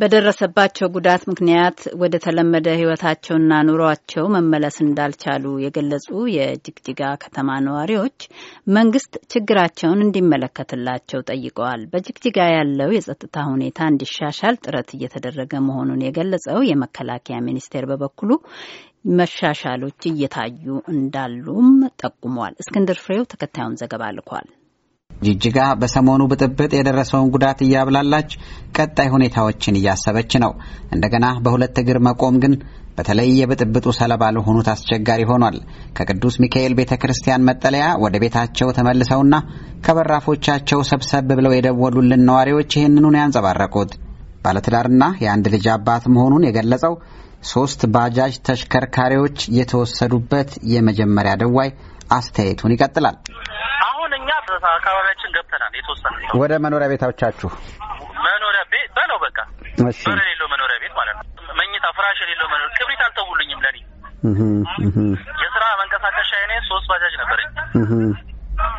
በደረሰባቸው ጉዳት ምክንያት ወደ ተለመደ ሕይወታቸውና ኑሯቸው መመለስ እንዳልቻሉ የገለጹ የጅግጅጋ ከተማ ነዋሪዎች መንግስት ችግራቸውን እንዲመለከትላቸው ጠይቀዋል። በጅግጅጋ ያለው የጸጥታ ሁኔታ እንዲሻሻል ጥረት እየተደረገ መሆኑን የገለጸው የመከላከያ ሚኒስቴር በበኩሉ መሻሻሎች እየታዩ እንዳሉም ጠቁሟል። እስክንድር ፍሬው ተከታዩን ዘገባ ልኳል። ጅጅጋ በሰሞኑ ብጥብጥ የደረሰውን ጉዳት እያብላላች ቀጣይ ሁኔታዎችን እያሰበች ነው። እንደገና በሁለት እግር መቆም ግን በተለይ የብጥብጡ ሰለባ ለሆኑት አስቸጋሪ ሆኗል። ከቅዱስ ሚካኤል ቤተ ክርስቲያን መጠለያ ወደ ቤታቸው ተመልሰውና ከበራፎቻቸው ሰብሰብ ብለው የደወሉልን ነዋሪዎች ይህንኑን ያንጸባረቁት ባለትዳርና የአንድ ልጅ አባት መሆኑን የገለጸው ሶስት ባጃጅ ተሽከርካሪዎች የተወሰዱበት የመጀመሪያ ደዋይ አስተያየቱን ይቀጥላል። አካባቢያችን ገብተናል። የተወሰነ ወደ መኖሪያ ቤታዎቻችሁ መኖሪያ ቤት በለው በቃ በር የሌለው መኖሪያ ቤት ማለት ነው። መኝታ ፍራሽ የሌለው መኖሪያ ክብሪት አልተውልኝም። ለኔ የስራ መንቀሳቀሻ የኔ ሶስት ባጃጅ ነበረኝ።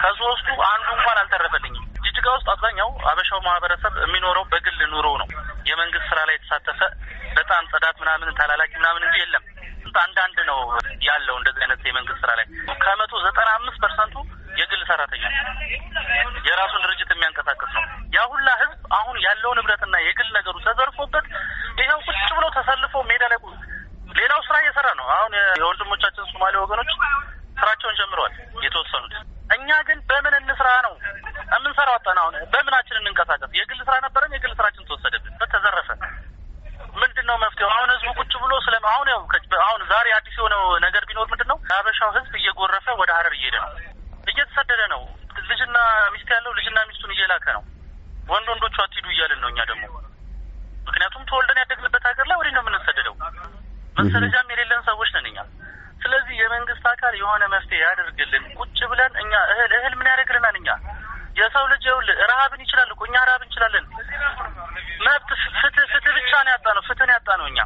ከሶስቱ አንዱ እንኳን አልተረፈልኝም። ጅጅጋ ውስጥ አብዛኛው አበሻው ማህበረሰብ የሚኖረው በግል ኑሮ ነው። የመንግስት ስራ ላይ የተሳተፈ በጣም ጽዳት ምናምን ተላላኪ ምናምን እንጂ የለም። አንዳንድ ነው ያለው እንደዚህ አይነት የመንግስት ስራ ላይ ከመቶ ዘጠና አምስት ፐርሰንቱ የግል ሰራተኛ የራሱን ድርጅት የሚያንቀሳቀስ ነው። ያ ሁላ ህዝብ አሁን ያለው ንብረትና የግል ነገሩ ተዘርፎበት ይኸው ቁጭ ብሎ ተሰልፎ ሜዳ ላይ ሌላው ስራ እየሰራ ነው። አሁን የወንድሞቻችን ሶማሌ ወገኖች ስራቸውን ጀምረዋል የተወሰኑት። እኛ ግን በምን እንስራ ነው የምንሰራው? አጣን። አሁን በምናችን እንንቀሳቀስ? የግል ስራ ነበረን፣ የግል ስራችን ተወሰደብን፣ በተዘረፈ ምንድን ነው መፍትሄው? አሁን ህዝቡ ቁጭ ብሎ ስለ አሁን ያው አሁን ዛሬ አዲስ የሆነው ነገር ቢኖር ምንድን ነው የሀበሻው ህዝብ እየጎረፈ ወደ ሀረር እየሄደ ነው። እየተሰደደ ነው። ልጅና ሚስት ያለው ልጅና ሚስቱን እየላከ ነው። ወንድ ወንዶቹ አትሂዱ እያልን ነው እኛ ደግሞ ምክንያቱም ተወልደን ያደግንበት ሀገር ላይ ወደ ነው የምንሰደደው። መሰረጃም የሌለን ሰዎች ነን እኛ። ስለዚህ የመንግስት አካል የሆነ መፍትሄ ያደርግልን። ቁጭ ብለን እኛ እህል እህል ምን ያደርግልናል? እኛ የሰው ልጅ ይኸውልህ ረሀብን ይችላል እኮ እኛ ረሀብ እንችላለን። መብት ፍትህ፣ ፍትህ ብቻ ነው ያጣ ነው። ፍትህን ያጣ ነው እኛ።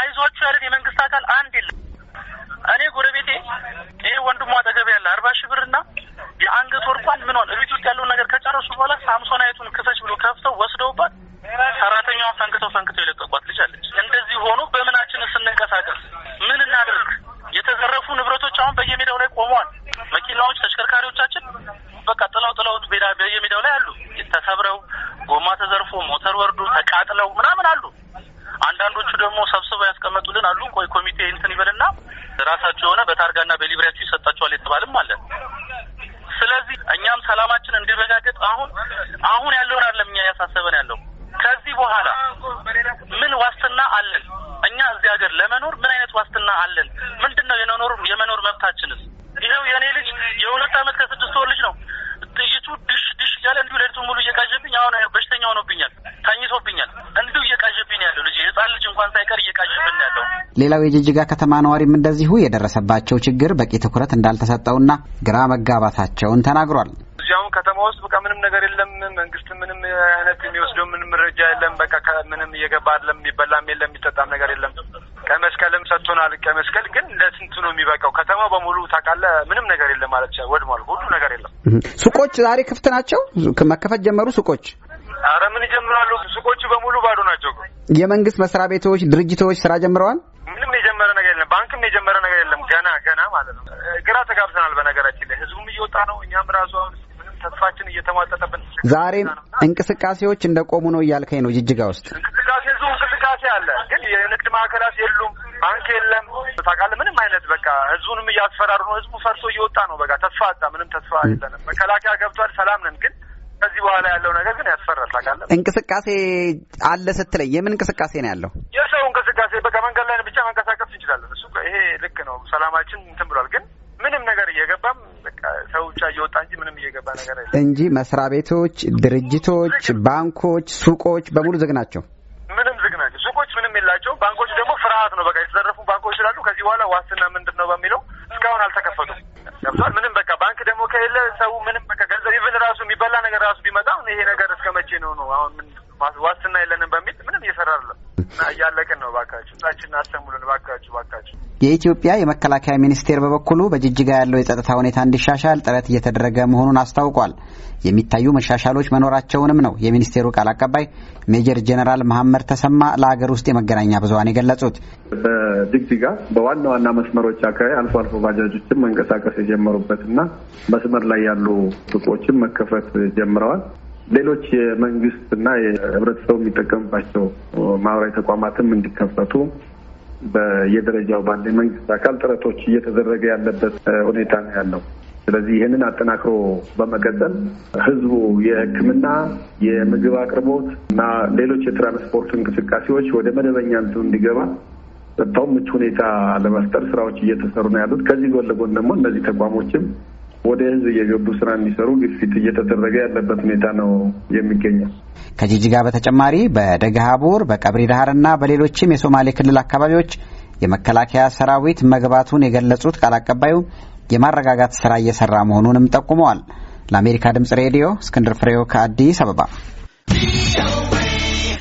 አይዟችሁ ያለን የመንግስት አካል አንድ የለም። ሺህ ብር እና የአንገት ወርቋን ሆን እቤት ውስጥ ያለውን ነገር ከጨረሱ በኋላ ሳምሶን አይቱን ክሰች ብሎ ከፍተው ወስደውባት ሰራተኛዋን ሰንክተው ሰንክተው የለቀቋት ልጅ አለች። እንደዚህ ሆኖ በምናችን ስንንቀሳቀስ ምን እናደርግ? የተዘረፉ ንብረቶች አሁን በየሜዳው ላይ ቆመዋል። መኪናዎች፣ ተሽከርካሪዎቻችን በቃ ጥላው ጥላውት በየሜዳው ላይ አሉ። ተሰብረው ጎማ ተዘርፎ ሞተር ወርዶ ተቃጥለው ምናምን አሉ። አንዳንዶቹ ደግሞ ሰብስበው ያስቀመጡልን አሉ። ቆይ ኮሚቴ እንትን ይበልና ራሳቸው የሆነ በታርጋና በሊብሪያቸው ይሰጣል አባልም አለን። ስለዚህ እኛም ሰላማችን እንዲረጋገጥ አሁን አሁን ያለውን አለም እኛ እያሳሰበን ያለው ከዚህ በኋላ ምን ዋስትና አለን? እኛ እዚህ ሀገር ለመኖር ምን አይነት ዋስትና አለን? ምንድን ነው የመኖር የመኖር መብታችንስ? ሌላው የጅጅጋ ከተማ ነዋሪም እንደዚሁ የደረሰባቸው ችግር በቂ ትኩረት እንዳልተሰጠውና ግራ መጋባታቸውን ተናግሯል። እዚያው ከተማ ውስጥ በቃ ምንም ነገር የለም። መንግስት ምንም አይነት የሚወስደው ምንም መረጃ የለም። በቃ ምንም እየገባ አይደለም። የሚበላም የለም፣ የሚጠጣም ነገር የለም። ቀይ መስቀልም ሰጥቶናል። ቀይ መስቀል ግን ለስንቱ ነው የሚበቃው? ከተማው በሙሉ ታውቃለህ፣ ምንም ነገር የለም ማለት ወድሟል። ሁሉ ነገር የለም። ሱቆች ዛሬ ክፍት ናቸው፣ መከፈት ጀመሩ ሱቆች። አረ ምን ይጀምራሉ? ሱቆቹ በሙሉ ባዶ ናቸው። የመንግስት መስሪያ ቤቶች፣ ድርጅቶች ስራ ጀምረዋል። ተጋብዘናል። በነገራችን ላይ ህዝቡም እየወጣ ነው። እኛም ራሱ አሁን ምንም ተስፋችን እየተሟጠጠብን ዛሬም እንቅስቃሴዎች እንደቆሙ ነው እያልከኝ ነው? ጅጅጋ ውስጥ እንቅስቃሴ ህዝቡ እንቅስቃሴ አለ፣ ግን የንግድ ማዕከላት የሉም፣ ባንክ የለም። ታውቃለህ፣ ምንም አይነት በቃ ህዝቡንም እያስፈራሩ ነው። ህዝቡ ፈርሶ እየወጣ ነው። በቃ ተስፋ አጣ። ምንም ተስፋ የለንም። መከላከያ ገብቷል፣ ሰላም ነን ግን ከዚህ በኋላ ያለው ነገር ግን ያስፈራል። ታውቃለህ እንቅስቃሴ አለ ስትለኝ የምን እንቅስቃሴ ነው ያለው? የሰው እንቅስቃሴ በቃ መንገድ ላይ ብቻ መንቀሳቀስ እንችላለን። እሱ ይሄ ልክ ነው። ሰላማችን እንትን ብሏል ግን ምንም ነገር እየገባም ሰው ብቻ እየወጣ እንጂ ምንም እየገባ ነገር የለም እንጂ መስሪያ ቤቶች፣ ድርጅቶች፣ ባንኮች፣ ሱቆች በሙሉ ዝግ ናቸው። ምንም ዝግ ናቸው። ሱቆች ምንም የላቸው። ባንኮች ደግሞ ፍርሃት ነው። በቃ የተዘረፉ ባንኮች ስላሉ ከዚህ በኋላ ዋስትና ምንድን ነው በሚለው እስካሁን አልተከፈቱም። ገብቷል። ምንም በቃ ባንክ ደግሞ ከሌለ ሰው ምንም በቃ ገንዘብ ይብን ራሱ የሚበላ ነገር ራሱ ቢመጣ ይሄ ነገር እስከ መቼ ነው ነው አሁን ምን ዋስትና የለንም በሚል ምንም እየሰራ አይደለም እና እያለቅን ነው። ባካችሁ እጣችን አሰሙልን። ባካችሁ ባካችሁ የኢትዮጵያ የመከላከያ ሚኒስቴር በበኩሉ በጅጅጋ ያለው የጸጥታ ሁኔታ እንዲሻሻል ጥረት እየተደረገ መሆኑን አስታውቋል። የሚታዩ መሻሻሎች መኖራቸውንም ነው የሚኒስቴሩ ቃል አቀባይ ሜጀር ጀነራል መሐመድ ተሰማ ለሀገር ውስጥ የመገናኛ ብዙኃን የገለጹት። በጅግጅጋ በዋና ዋና መስመሮች አካባቢ አልፎ አልፎ ባጃጆችም መንቀሳቀስ የጀመሩበትና መስመር ላይ ያሉ ሱቆችን መከፈት ጀምረዋል። ሌሎች የመንግስትና የህብረተሰቡ የሚጠቀምባቸው ማህበራዊ ተቋማትም እንዲከፈቱ በየደረጃው ባለ መንግስት አካል ጥረቶች እየተደረገ ያለበት ሁኔታ ነው ያለው። ስለዚህ ይህንን አጠናክሮ በመቀጠል ህዝቡ የሕክምና የምግብ አቅርቦት እና ሌሎች የትራንስፖርት እንቅስቃሴዎች ወደ መደበኛ እንትን እንዲገባ ጸጥታውን ምቹ ሁኔታ ለመፍጠር ስራዎች እየተሰሩ ነው ያሉት። ከዚህ ጎን ለጎን ደግሞ እነዚህ ተቋሞችም ወደ ህዝብ እየገቡ ስራ እንዲሰሩ ግፊት እየተደረገ ያለበት ሁኔታ ነው የሚገኘው። ከጂጂጋ በተጨማሪ በደገሃቡር በቀብሪ እና በሌሎችም የሶማሌ ክልል አካባቢዎች የመከላከያ ሰራዊት መግባቱን የገለጹት ቃል አቀባዩ የማረጋጋት ስራ እየሰራ መሆኑንም ጠቁመዋል። ለአሜሪካ ድምጽ ሬዲዮ እስክንድር ፍሬው ከአዲስ አበባ